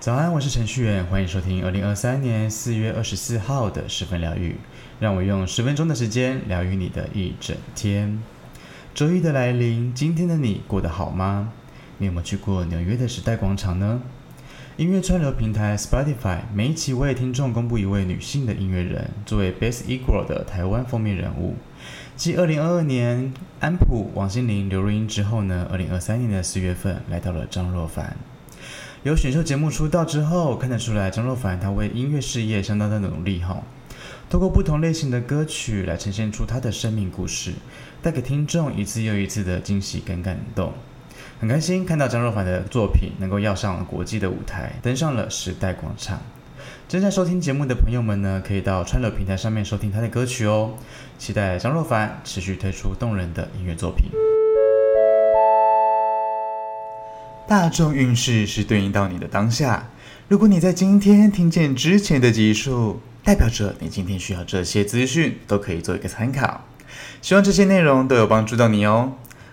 早安，我是程序員，歡迎收聽二零二三年四月二十四號的十分療癒。讓我用十分鐘的時間療癒你的一整天。周一的來臨，今天的你過得好嗎？你有沒有去過紐約的時代廣場呢？音樂串流平台 Spotify 每一期為聽眾公布一位女性的音樂人，作為 Best Equal 的台灣封面人物。繼二零二二年安普、王心凌、劉若英之後呢，二零二三年的四月份來到了張若凡。由選秀節目出道之後，看得出來張若凡他為音樂事業相當的努力哈。通過不同類型的歌曲來呈現出他的生命故事，帶給聽眾一次又一次的驚喜跟感、感動。很開心看到張若凡的作品能夠要上了國際的舞台，登上了時代廣場。正在收聽節目的朋友們呢，可以到串流平台上面收聽他的歌曲哦。期待張若凡持續推出動人的音樂作品。大眾運勢是對應到你的當下，如果你在今天聽見之前的集數，代表着你今天需要這些資訊都可以做一個參考。希望這些內容都有幫助到你哦。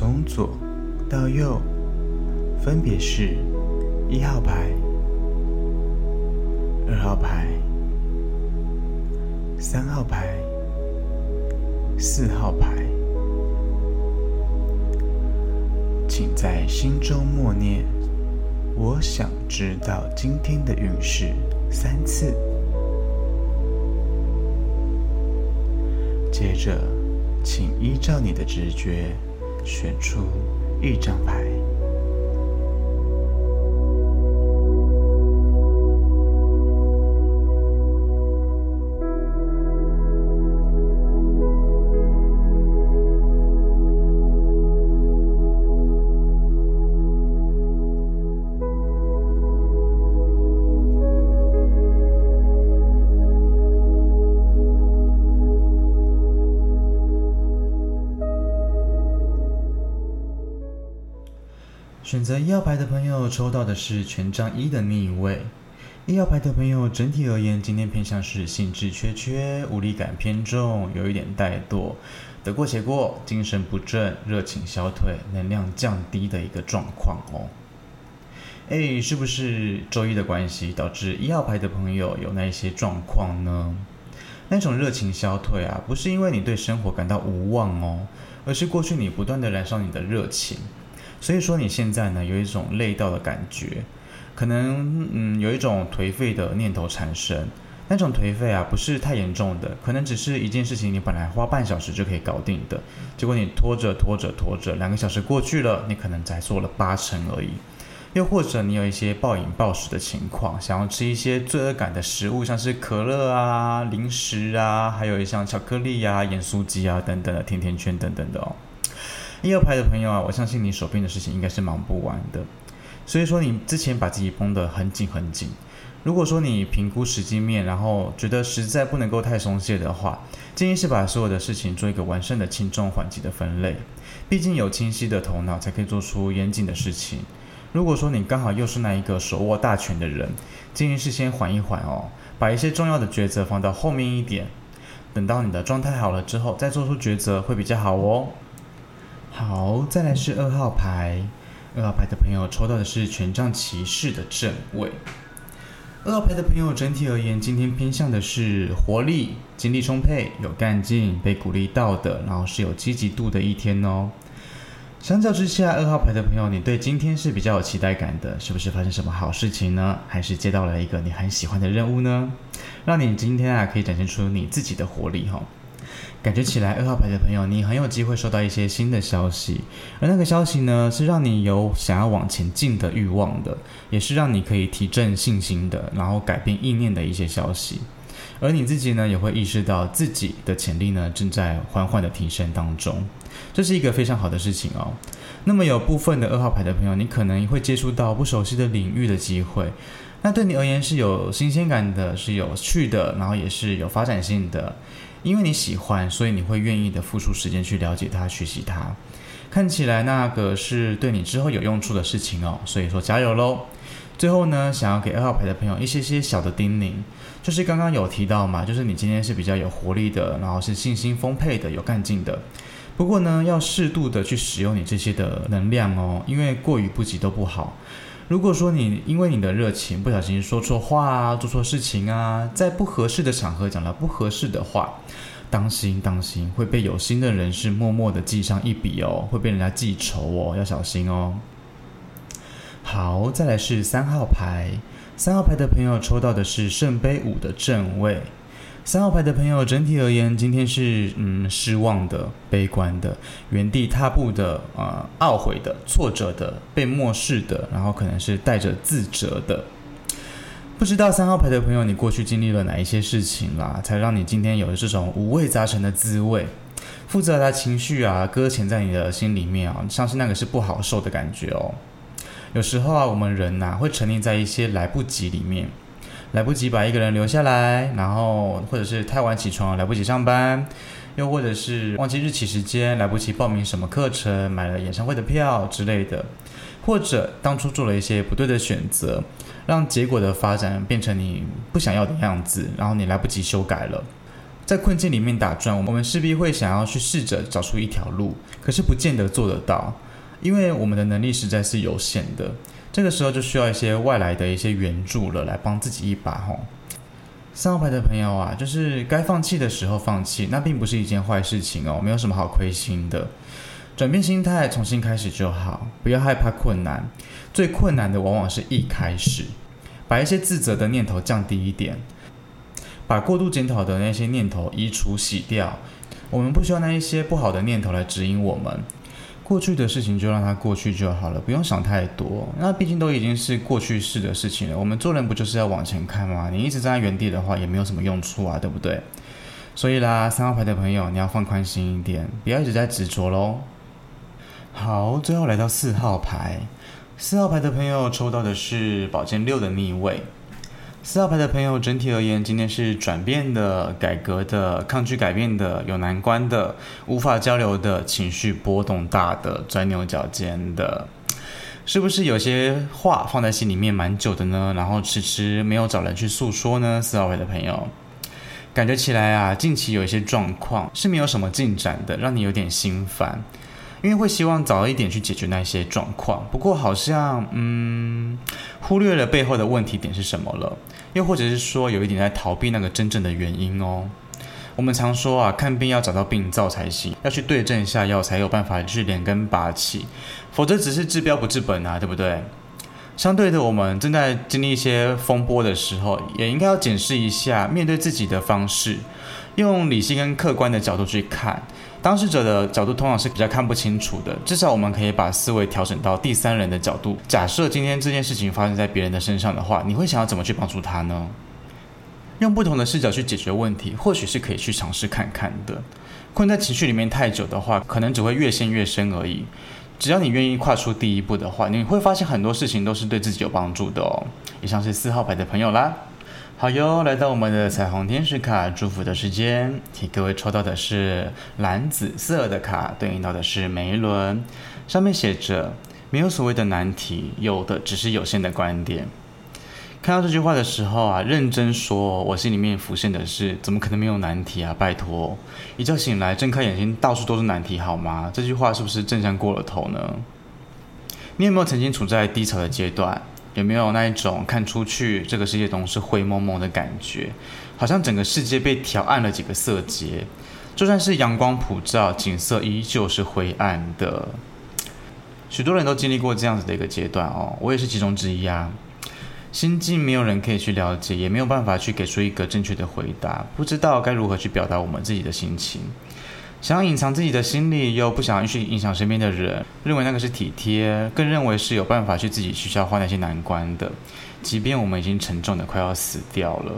從左到右，分別是一號牌、二號牌、三號牌、四號牌。請在心中默念：“我想知道今天的運勢”三次。接着，請依照你的直覺。選出一張牌。選擇一號牌的朋友抽到的是權杖一的逆位。一號牌的朋友整體而言，今天偏向是興致缺缺、無力感偏重、有一點怠惰、得過且過、精神不振、熱情消退、能量降低的一個狀況哦。哎，是不是周一的關係導致一號牌的朋友有那些狀況呢？那種熱情消退啊，不是因為你對生活感到無望哦，而是過去你不斷的燃燒你的熱情。所以說你現在呢，有一種累到的感覺，可能嗯有一種頹廢的念頭產生。那種頹廢啊，不是太嚴重的，可能只是一件事情，你本來花半小時就可以搞定的，結果你拖着拖着拖着，兩個小時過去了，你可能才做了八成而已。又或者你有一些暴飲暴食的情況，想要吃一些罪惡感的食物，像是可樂啊、零食啊，還有像巧克力啊、鹽酥雞啊等等的甜甜圈等等的哦。第二排的朋友啊，我相信你手邊的事情應該是忙不完的，所以說你之前把自己繃得很緊很緊。如果說你評估時機面，然後覺得實在不能夠太鬆懈的話，建議是把所有的事情做一個完善的輕重緩急的分類，畢竟有清晰的頭腦才可以做出嚴謹的事情。如果說你剛好又是那一個手握大權的人，建議是先緩一緩哦，把一些重要的抉擇放到後面一點，等到你的狀態好了之後再做出抉擇會比較好哦。好，再來是二號牌，二號牌的朋友抽到的是權杖騎士的正位。二號牌的朋友整體而言，今天偏向的是活力、精力充沛、有幹勁、被鼓勵到的，然後是有積極度的一天哦。相較之下，二號牌的朋友，你對今天是比較有期待感的，是不是發生什麼好事情呢？還是接到了一個你很喜歡的任務呢？讓你今天啊可以展現出你自己的活力吼、哦。感覺起來，二號牌的朋友，你很有機會收到一些新的消息，而那個消息呢，是讓你有想要往前進的慾望的，也是讓你可以提振信心的，然後改變意念的一些消息。而你自己呢，也會意識到自己的潛力呢，正在緩緩的提升當中，這是一個非常好的事情哦。那麼有部分的二號牌的朋友，你可能會接觸到不熟悉的領域的機會，那對你而言是有新鮮感的，是有趣的，然後也是有發展性的。因為你喜歡，所以你會願意的付出時間去了解它，學習它。看起來那個是對你之後有用處的事情哦，所以說加油嘍！最後呢，想要給二號牌的朋友一些些小的叮嚀，就是剛剛有提到嘛，就是你今天是比較有活力的，然後是信心豐沛的，有幹勁的。不過呢，要適度的去使用你這些的能量哦，因為過於不及都不好。如果說你因為你的熱情不小心說錯話啊，做錯事情啊，在不合適的場合講了不合適的話，當心當心會被有心的人士默默的記上一筆哦，會被人家記仇哦，要小心哦。好，再來是三號牌，三號牌的朋友抽到的是聖杯五的正位。三號牌的朋友，整體而言，今天是嗯，失望的、悲觀的、原地踏步的、呃、懊悔的、的、挫折的、被漠視的，然後可能是帶着自責的。不知道三號牌的朋友，你過去經歷了哪一些事情啦，才讓你今天有了這種五味雜陳的滋味？複雜的情緒啊，擱淺在你的心裡面啊，相信那個是不好受的感覺哦。有時候啊，我們人吶、啊，會沉溺在一些來不及裡面。來不及把一個人留下來，然後或者是太晚起床來不及上班，又或者是忘記日起、時間來不及報名什麼課程、買了演唱會的票之類的，或者當初做了一些不對的選擇，讓結果的發展變成你不想要的樣子，然後你來不及修改了。在困境裡面打轉，我們勢必會想要去試着找出一條路，可是不見得做得到，因為我們的能力實在是有限的。這個時候就需要一些外來的一些援助了，來幫自己一把吼。三號牌的朋友啊，就是該放棄的時候放棄，那並不是一件壞事情哦，沒有什麼好虧心的。轉變心態，重新開始就好，不要害怕困難。最困難的往往是一開始，把一些自責的念頭降低一點，把過度檢討的那些念頭移除、洗掉。我們不需要那一些不好的念頭來指引我們。過去的事情就讓它過去就好了，不用想太多。那畢竟都已經是過去式的事情了。我們做人不就是要往前看嗎？你一直站在原地的話，也沒有什麼用處啊，對不對？所以啦，三號牌的朋友，你要放寬心一點，不要一直在執着嘍。好，最後來到四號牌，四號牌的朋友抽到的是寶劍六的逆位。四號牌的朋友，整體而言，今天是轉變的、改革的、抗拒改變的、有難關的、無法交流的、情緒波動大的、鑽牛角尖的，是不是有些話放在心裡面蠻久的呢？然後遲遲沒有找人去訴說呢？四號牌的朋友，感覺起來啊，近期有一些狀況是沒有什麼進展的，讓你有點心煩。因為會希望早一點去解決那些狀況，不過好像嗯，忽略了背後的問題點是什麼了，又或者是說有一點在逃避那個真正的原因哦。我們常說啊，看病要找到病灶才行，要去對症下藥才有辦法去連根拔起，否則只是治標不治本啊，對不對？相對的，我們正在經歷一些風波的時候，也應該要檢視一下面對自己的方式，用理性跟客觀的角度去看。當事者的角度通常是比較看不清楚的，至少我們可以把思維調整到第三人的角度。假設今天這件事情發生在別人的身上的話，你會想要怎麼去幫助他呢？用不同的視角去解決問題，或許是可以去嘗試看看的。困在情緒裡面太久的話，可能只會越陷越深而已。只要你願意跨出第一步的話，你會發現很多事情都是對自己有幫助的哦。以上是四號牌的朋友啦。好喲，來到我們的彩虹天使卡祝福的時間，給各位抽到的是藍紫色的卡，對應到的是梅倫，上面寫着“沒有所謂的難題，有的只是有限的觀點”。看到這句話的時候啊，認真說，我心裡面浮現的是：怎麼可能沒有難題啊？拜托，一覺醒來，睜開眼睛，到處都是難題，好嗎？這句話是不是正向過了頭呢？你有沒有曾經處在低潮的階段？有沒有那一種看出去這個世界總是灰濛濛的感覺，好像整個世界被調暗了幾個色階，就算是陽光普照，景色依舊是灰暗的。許多人都經歷過這樣子的一個階段哦，我也是其中之一啊。心境沒有人可以去了解，也沒有辦法去給出一個正確的回答，不知道該如何去表達我們自己的心情。想要隱藏自己的心理，又不想要去影響身邊的人，認為那個是體貼，更認為是有辦法去自己去消化那些難關的。即便我們已經沉重的快要死掉了，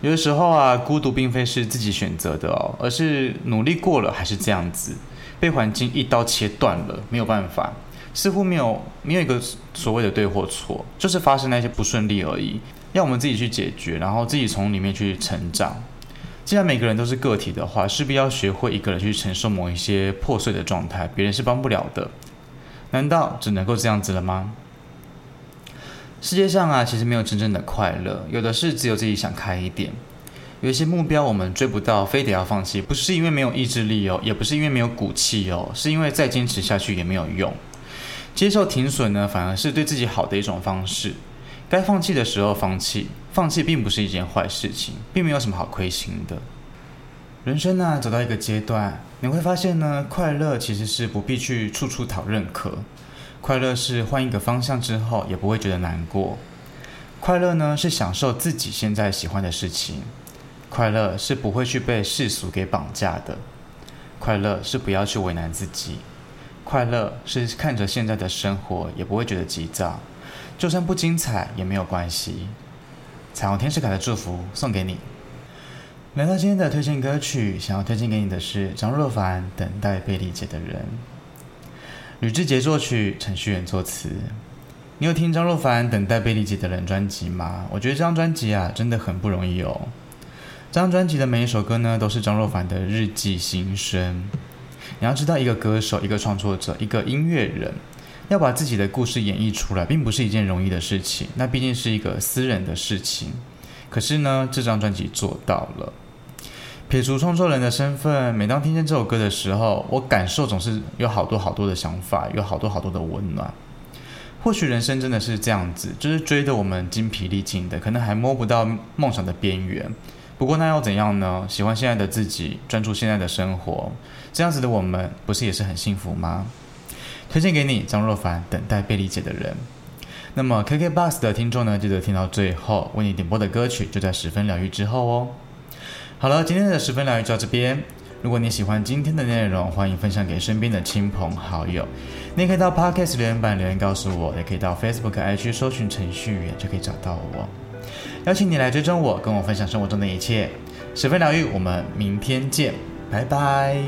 有的時候啊，孤獨並非是自己選擇的哦，而是努力過了還是這樣子，被環境一刀切斷了，沒有辦法，似乎沒有沒有一個所謂的對或錯，就是發生那些不順利而已，要我們自己去解決，然後自己從裡面去成長。既然每個人都是個體的話，勢必要學會一個人去承受某一些破碎的狀態，別人是幫不了的。難道只能夠這樣子了嗎？世界上啊，其實沒有真正的快樂，有的是只有自己想開一點。有一些目標我們追不到，非得要放棄，不是因為沒有意志力哦，也不是因為沒有骨氣哦，是因為再堅持下去也沒有用。接受停損呢，反而是對自己好的一種方式。該放棄的時候放棄。放棄並不是一件壞事情，並沒有什麼好虧心的。人生呢，走到一個階段，你會發現呢，快樂其實是不必去處處討認可。快樂是換一個方向之後也不會覺得難過。快樂呢，是享受自己現在喜歡的事情。快樂是不會去被世俗給綁架的。快樂是不要去為難自己。快樂是看着現在的生活也不會覺得急躁，就算不精彩也沒有關係。彩虹天使卡的祝福送給你。來到今天的推薦歌曲，想要推薦給你的是張若凡《等待被理解的人》，呂志杰作曲，程序員作詞。你有聽張若凡《等待被理解的人》專輯嗎？我覺得這張專輯啊，真的很不容易哦。這張專輯的每一首歌呢，都是張若凡的日記心聲。你要知道，一個歌手，一個創作者，一個音樂人。要把自己的故事演繹出來，並不是一件容易的事情。那畢竟是一個私人的事情。可是呢，這張專輯做到了。撇除創作人的身份，每當聽見這首歌的時候，我感受總是有好多好多的想法，有好多好多的溫暖。或許人生真的是這樣子，就是追得我們精疲力盡的，可能還摸不到夢想的邊緣。不過那又怎樣呢？喜歡現在的自己，專注現在的生活，這樣子的我們，不是也是很幸福嗎？推薦給你張若凡《等待被理解的人》。那麼 KKBOX 的聽眾呢，記得聽到最後為你點播的歌曲就在十分療癒之後哦。好了，今天的十分療癒就到這邊。如果你喜歡今天的內容，歡迎分享給身邊的親朋好友。你也可以到 Podcast 留言板留言告訴我，也可以到 Facebook IG 搜尋程序員就可以找到我，邀請你來追蹤我，跟我分享生活中的一切。十分療癒，我們明天見，拜拜。